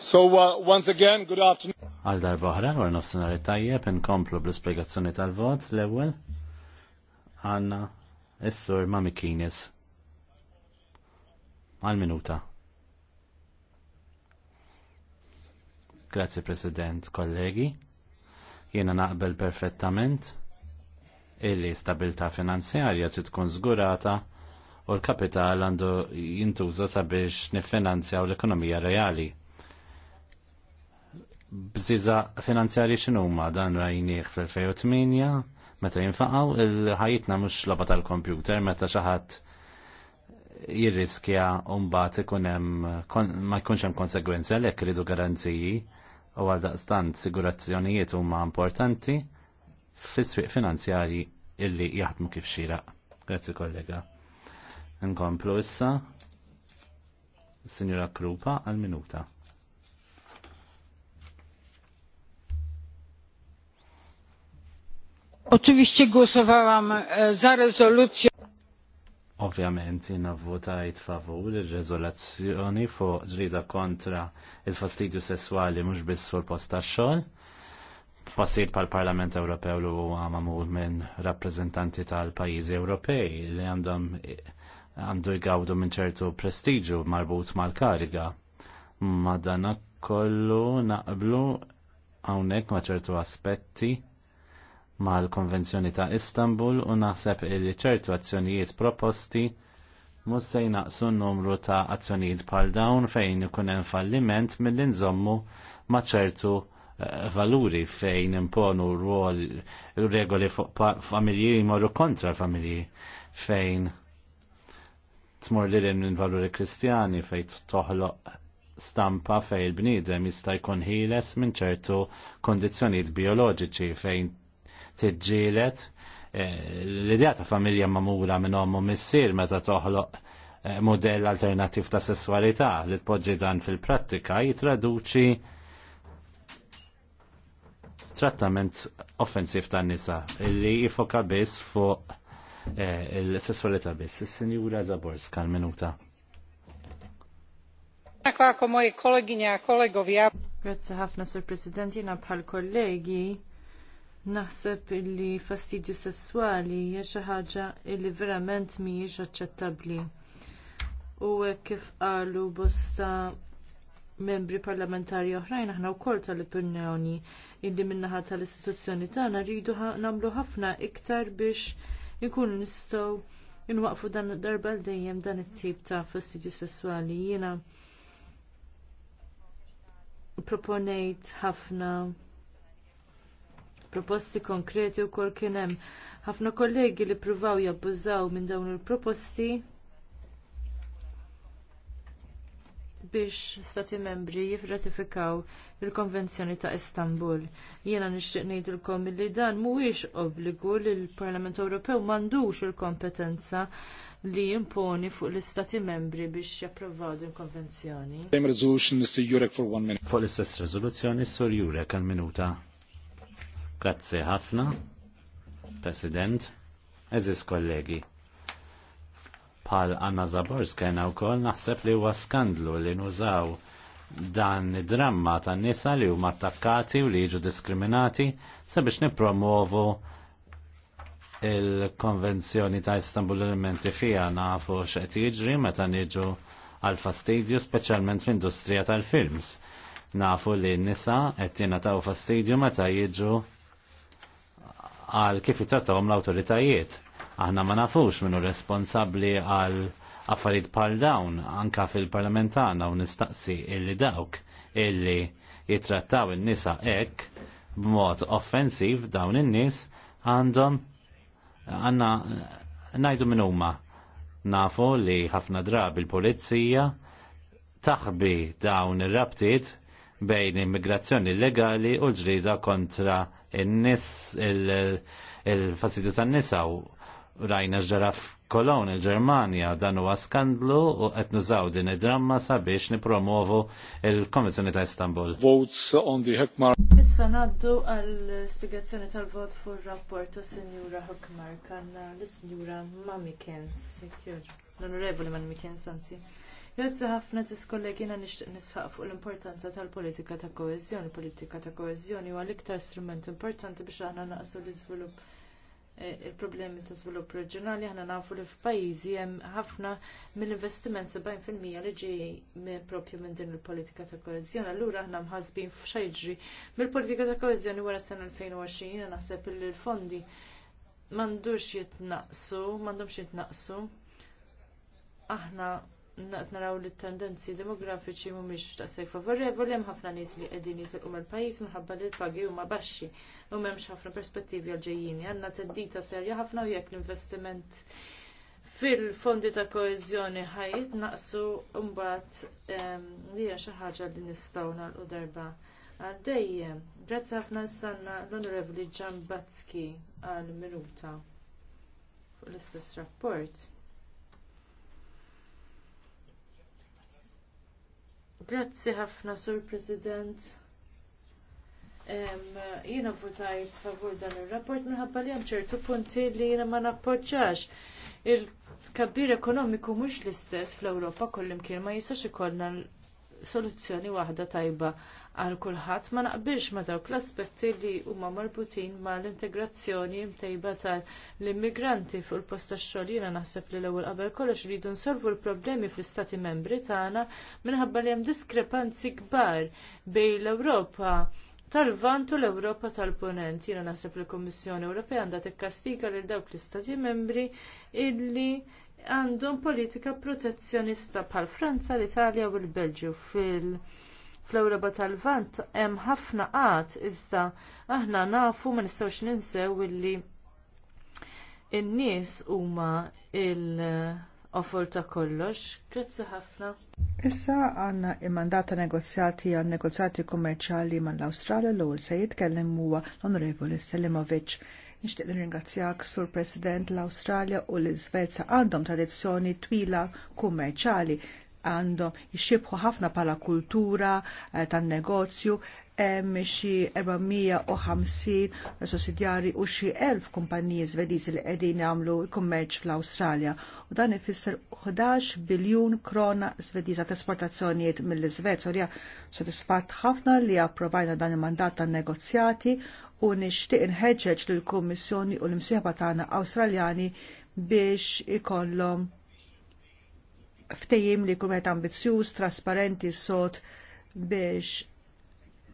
So uh, once again, good afternoon. Għal darba oħra, għal nofsinhar tajjeb, inkomplu bl-ispjegazzjoni tal-vot l-ewwel. Għandna is-sur Mami Kines. Għal minuta. Grazzi President, kollegi. Jiena naqbel perfettament illi stabilta finanzjarja t tkun żgurata u l-kapital għandu jintuża sabiex nifinanzjaw l-ekonomija reali bżiża finanzjarji x'inhuma dan rajnieh fl-2008 meta jinfaqgħu il-ħajitna mhux logħba tal-kompjuter meta xi ħadd jirriskja u mbagħad ikun hemm ma jkunx hemm konsegwenzi għalhekk iridu garanziji u għal daqstant sigurazzjonijiet huma importanti fis-swieq finanzjarji illi jaħdmu kif xieraq. Grazzi kollega. Nkomplu issa. Signora Krupa al minuta. Oczywiście głosowałam e, za rezolucją. Ovvjament jina votajt favur il-rezolazzjoni fuq ġrida kontra il-fastidju sessuali mhux biss fuq post tax-xogħol. Fassir pal-Parlament Ewropew li huwa mamul minn rappreżentanti tal-pajjiżi Ewropej li għandhom għandu jgawdu minn ċertu prestiġu marbut mal-kariga. Ma dan kollu naqblu hawnhekk ma' ċertu aspetti mal-Konvenzjoni ta' Istanbul u naħseb li ċertu azzjonijiet proposti mhux se jnaqsu n-numru ta' azzjonijiet bħal dawn fejn ikun hemm falliment mill-inżommu ma' ċertu eh, valuri fejn imponu rwol regoli fuq familji jmorru kontra familji fejn tmur li minn valuri kristjani fejn toħloq stampa fejn il-bniedem jista' jkun ħieles minn ċertu kondizzjonijiet bioloġiċi fejn tiġġielet eh, l-idea ta' familja mamura minn ommu missier meta toħloq eh, modell alternattiv ta' sessualità li tpoġġi dan fil-prattika jitraduċi trattament offensiv tan nisa li jifoka biss fuq eh, il-sessualità biss. Is-Sinjura Zaborska l-minuta. Grazie ħafna, Sur President, jina bħal kollegi naħseb illi fastidju sesswali hija xi ħaġa li verament mhijiex aċċettabbli. U hekk kif qalu bosta membri parlamentari oħrajn aħna wkoll tal-opinjoni illi min-naħa tal-istituzzjoni tagħna rridu nagħmlu ħafna iktar biex ikunu nistgħu nwaqfu dan darba dejjem dan it-tip ta' fastidju sesswali jiena proponejt ħafna proposti konkreti wkoll kien hemm ħafna kollegi li ppruvaw jabbużaw minn dawn il-proposti biex stati membri jirratifikaw il-Konvenzjoni ta' Istanbul. Jiena nixtieq ngħidilkom li dan mhuwiex obbligu li l-Parlament Ewropew m'għandux il-kompetenza li jimponi fuq l-istati membri biex japprovaw din konvenzjoni. Fuq l-istess sur Jurek għal minuta. Grazzi ħafna, President, eżis kollegi. Pal Anna Zaborska kena u koll naħseb li huwa skandlu li nużaw dan id-dramma ta' nisa li huma attakkati u li jiġu diskriminati sabiex nipromovu il-konvenzjoni ta' Istanbul l-elementi fija nafu x'qed jiġri meta niġu għal fastidju speċjalment fl-industrija tal-films nafu li n-nisa qed jingħataw fastidju meta jiġu għal kif jitrattawhom l-awtoritajiet. Aħna ma nafux minnu responsabbli għal affarijiet bħal dawn anka fil-parlament tagħna u nistaqsi illi dawk illi jitrattaw in-nisa hekk b'mod offensiv dawn in-nies għandhom għandna ngħidu minn huma nafu li ħafna drabi il-pulizija taħbi dawn ir-rabtiet bejn immigrazzjoni illegali u l-ġrida kontra il nis il fasidu ta' nisa u rajna ġara kolon il-Ġermanja dan huwa skandlu u qed nużaw din id-dramma sabiex nipromovu il-Konvenzjoni ta' Istanbul. Votes on the Hekmar. Issa naddu għall spiegazzjoni tal-vot fuq rapport u Sinjura Hekmar kanna l-Sinjura Mamikens, l-Onorevoli Mamikens anzi. Grazzi ħafna kollegi kollegina nixtieq nisħaq fuq l-importanza tal-politika ta' koeżjoni. Politika ta' koeżjoni huwa l-iktar strument importanti biex aħna naqsu l-iżvilupp e, il-problemi ta' żvilupp reġjonali aħna nafu li f'pajjiżi hemm ħafna mill-investiment 70% li ġej proprju minn din il-politika ta' koeżjoni. Allura aħna mħassbin f'xejġri mill-politika ta' koeżjoni wara s-sena 2020 naħseb li l-fondi m'għandux jitnaqsu, m'għandhomx jitnaqsu. Aħna naraw li t tendenzi demografiċi mhumiex taqseg favorevoli hemm ħafna nies li qegħdin jitilqu mal-pajjiż minħabba li l-pagi huma baxxi u m'hemmx ħafna perspettivi għal ġejjini. Għandna teddita serja ħafna u jekk l-investiment fil-fondi ta' koeżjoni ħajt naqsu mbagħad ehm, li hija xi ħaġa li nistgħu nagħlqu darba għaddejjem. Grazzi ħafna s-sanna l-Onorevoli Ġambatski għal minuta fuq l-istess rapport. Grazzi ħafna, Sur President. Jiena votajt favur dan ir rapport minħabba li hemm ċertu punti li jiena ma nappoġġax. Il-kabbir ekonomiku mhux l-istess fl-Ewropa kullimkien ma jistax ikollna soluzzjoni waħda tajba għal kulħadd ma naqbilx ma dawk l-aspetti li huma marbutin mal integrazzjoni mtejba tal-immigranti fuq il-post tax-xogħol jiena naħseb li l-ewwel qabel kollox rridu nsolvu l-problemi fl-istati membri tagħna minħabba li hemm diskrepanzi kbar bejn l-Ewropa tal lvant u l-Ewropa tal-Ponent. Jiena naħseb li l-Kummissjoni Ewropea għandha tikkastiga lil dawk l-Istati membri illi għandhom politika protezzjonista bħal Franza, l-Italja u l-Belġju fil- fl-Ewropa tal-Vant hemm ħafna qatt iżda aħna nafu ma nistgħux ninsew illi in-nies huma l offer ta' kollox. Grazzi ħafna. Issa għandna mandata negozjati għal negozjati kummerċjali mal-Awstralja l-ewwel se jitkellem huwa l-Onorevoli Selimovic. Nixtieq nirringrazzjak Sur President l-Awstralja u l-Iżvezja għandhom tradizzjoni twila kummerċali għandhom jixxibħu ħafna bħala kultura eh, tan-negozju hemm xi 450 sussidjarji u xi 1000 kumpaniji Svediżi li qegħdin jagħmlu kummerċ fl-Awstralja u dan ifisser 11 biljun krona Svediża ta' esportazzjonijiet mill-Iżvezja u sodisfatt ħafna li approvajna dan il-mandat tan negozjati u nixtieq inħeġġeġ lill kummissjoni u l msieħba tagħna Awstraljani biex ikollhom ftejim li jkun qed ambizzjuż, trasparenti, sod biex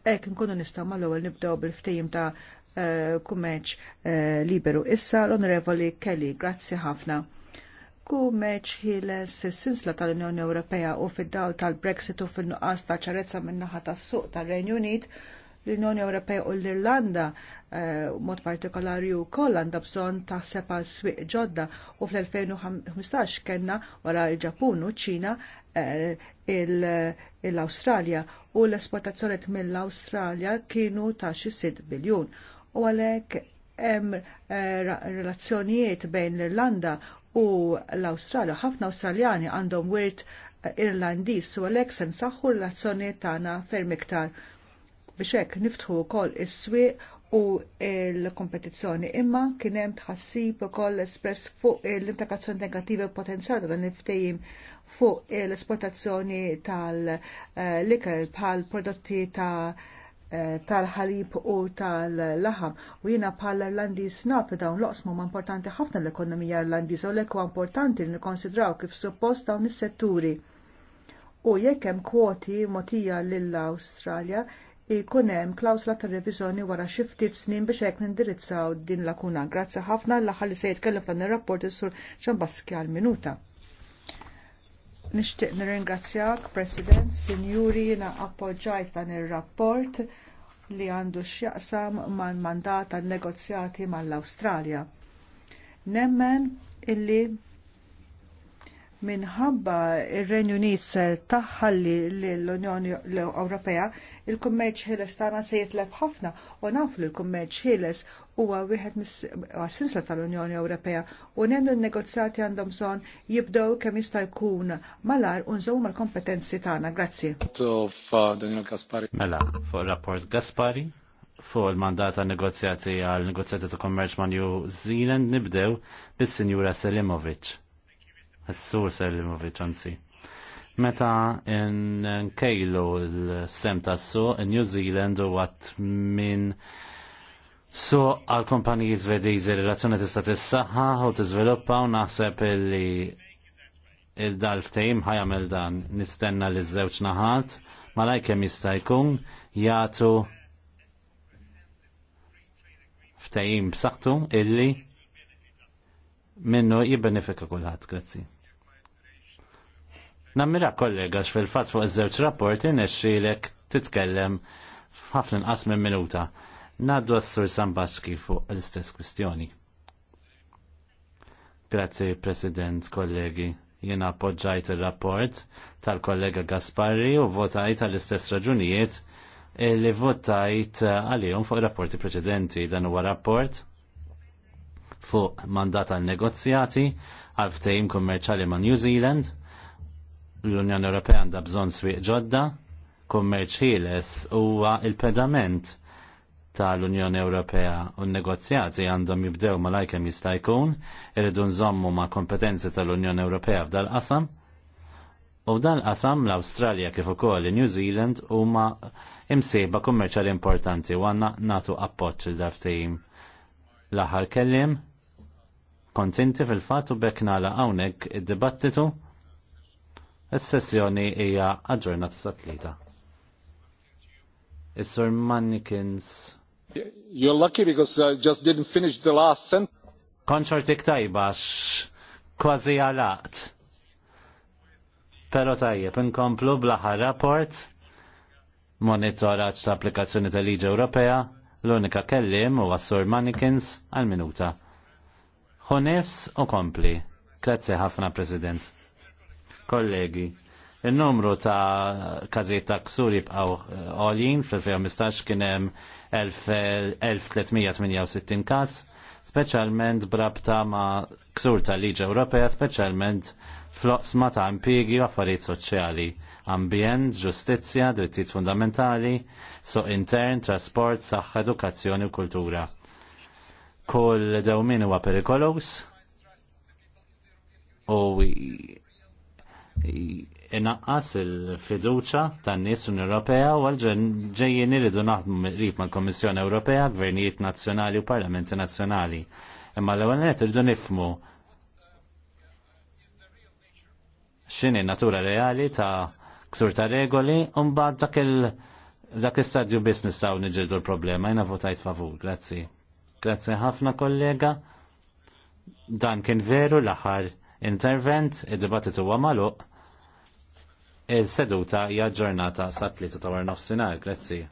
hekk nkunu nistgħu mal-ewwel nibdew bil ftejim ta' eh, kummerċ eh, liberu. Issa l-Onorevoli Kelly, grazzi ħafna. Kummerċ ħiles sinsla tal-Unjoni Ewropea u fid-dawl tal-Brexit u fin-nuqqas ta' ċarezza min-naħa tas-suq tar-Renju Unit l-Unjoni Ewropea u l-Irlanda eh, mod partikolari u koll għandha bżonn taħseb għal swieq ġodda u fl-2015 kellna wara l-Ġapun u ċina eh, l-Awstralja u l-esportazzjoni mill-Awstralja kienu ta' xi 6 biljun. U għalhekk hemm eh, relazzjonijiet bejn l-Irlanda u l-Awstralja. Ħafna Awstraljani għandhom wirt Irlandiż u għalhekk se nsaħħu r-relazzjonijiet tagħna ferm iktar biex hekk niftħu wkoll is-swieq u l-kompetizzjoni imma kien hemm tħassib ukoll espress fuq l-implikazzjoni negattivi potenzjali ta' dan il-ftehim fuq l-esportazzjoni tal-likel bħal prodotti tal-ħalib u tal-laħam u jiena bħal Irlandiż naf dawn l-oqsmu ma' importanti ħafna l-ekonomija Irlandiża u l-ekwa importanti li nikkonsidraw kif suppost dawn is-setturi. U jekk hemm kwoti mogħtija lill-Awstralja, Ikun hemm klawsla ta' reviżjoni wara xi ftit snin biex hekk nindirizzaw din lakuna. Grazzi ħafna l-aħħar li se jitkellem f'dan ir-rapport is-sur Ġambaski għal minuta. Nixtieq nirringrazzjak, President, Sinjuri, jiena appoġġajt dan ir-rapport li għandu x'jaqsam mal-mandat tan negozjati mal-Awstralja. Nemmen illi minħabba ir-Renju Unit se taħħalli l-Unjoni Ewropea, il-kummerċ ħieles tagħna se jitleb ħafna u nafu li l-kummerċ ħieles huwa wieħed mis-sinsla tal-Unjoni Ewropea u nemmu n-negozjati għandhom bżonn jibdew kemm jista' jkun malar u nżomm mal-kompetenzi tagħna. Grazzi. Mela, fuq rapport Gaspari fuq il-mandat għal negozjati għal negozjati ta' kummerċ Manju New Zealand nibdew bis-Sinjura Selimovic s-sur Selimovic anzi. Meta n-kejlu l-sem ta' su, New Zealand u għat minn So, għal kompaniji svedizi relazzjoni tista' tissaħħa u tiżviluppa u naħseb li il-dalf tejm ħajamel dan nistenna li żewġ naħat malajkem jista' jkun jagħtu ftehim b'saħħtu illi minnu jibbenefika kulħadd, grazzi. Nammira kollegax fil-fat fuq iż-żewġ rapporti nexxilek titkellem ħafna inqas minn minuta. Naddu s-sur Sambaxki fuq l-istess kwistjoni. Grazzi, President, kollegi. Jena appoġġajt il-rapport tal-kollega Gasparri u votajt għall-istess raġunijiet li votajt għalihom fuq rapporti preċedenti. Dan huwa rapport fuq mandat għal negozjati għal ftejim kummerċali ma' New Zealand L-Unjoni Ewropea għandha bżonn swieq ġodda, kummerċ ħieles huwa il-pedament tal-Unjoni Ewropea u n-negozjati għandhom jibdew ma lajkem jista' jkun, irridu nżommu ma' kompetenzi tal-Unjoni Ewropea f'dal-qasam. U f'dal-qasam l-Awstralja kif ukoll New Zealand huma imsejba kummerċjali importanti u għandna nagħtu appoġġ il daftim L-aħħar kellim, kontinti fil-fatt u bekna la hawnhekk id-dibattitu Is-sessjoni hija aġġornata sa tlieta. Is-Sur Mannikins. You're lucky because I just didn't finish the last sentence. Konċortik tajbax, kważi għalaqt. Pero tajjeb, inkomplu blaħa rapport, monitoraċ ta' applikazzjoni tal-Liġi Ewropea, l-unika kellim u għassur Mannikins għal-minuta. Ħonefs u kompli. Grazie ħafna, President kollegi. Il-numru ta' kazijiet ta' ksur jibqaw eh, għolin fil-2015 kien hemm 1368 każ, speċjalment brabta ma' ksur ta' liġi Ewropea, speċjalment floqsma ta' impjiegi u affarijiet soċjali, ambjent, ġustizzja, drittijiet fundamentali, so intern, trasport, saħħa, edukazzjoni u kultura. Kull dewmin huwa perikolos, u inaqqas il-fiduċa tan nies un Ewropea u għalġejjien iridu naħdmu rib mal kommissjoni Ewropea, gvernijiet nazzjonali u parlamenti nazzjonali. Imma l-ewwel net iridu nifmu x'inhi natura reali ta' ksur ta' regoli u mbagħad dak il dak istadju business taw niġildu l-problema, jina votajt favur, grazzi. Grazzi ħafna kollega. Dan kien veru l-aħħar intervent, id-dibattitu huwa magħluq, is-seduta hija ġġornata sa tlieta ta' war nofsinhar, grazzi.